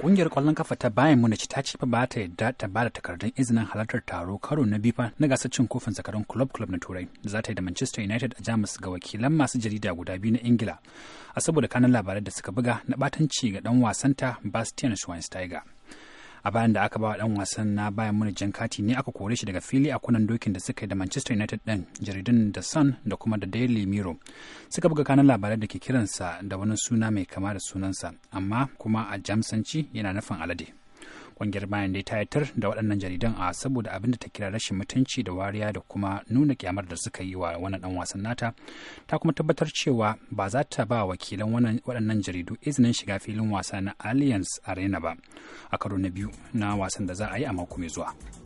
Ƙungiyar ƙwallon kafa ta bayan Munich ta ce ba ta yadda ta ba da takardun izinin halartar taro karo na bifa na gasar cin kofin zakarun club club na Turai da za ta yi da Manchester United a Jamus ga wakilan masu jarida guda biyu na Ingila a saboda kanan labarai da suka buga na batanci ga dan wasanta Bastian Schweinsteiger. a bayan da aka ba wa dan wasan na bayan muni jan kati ne aka kore shi daga fili a kunan dokin da suka yi da Manchester United din jaridun da Sun da kuma da Daily Mirror suka buga kanan labarai da ke kiransa da wani suna mai kama da sunansa amma kuma a jamsanci yana nufin alade. Ƙungiyar bayan dai ta yatar da waɗannan jaridan a saboda abin da ta kira rashin mutunci da wariya da kuma nuna kyamar da suka yi wa wannan dan wasan nata. Ta kuma tabbatar cewa ba za ta ba wakilan waɗannan jaridu izinin shiga filin wasa na alliance Arena ba a karo na biyu na wasan da za a yi a mako mai zuwa.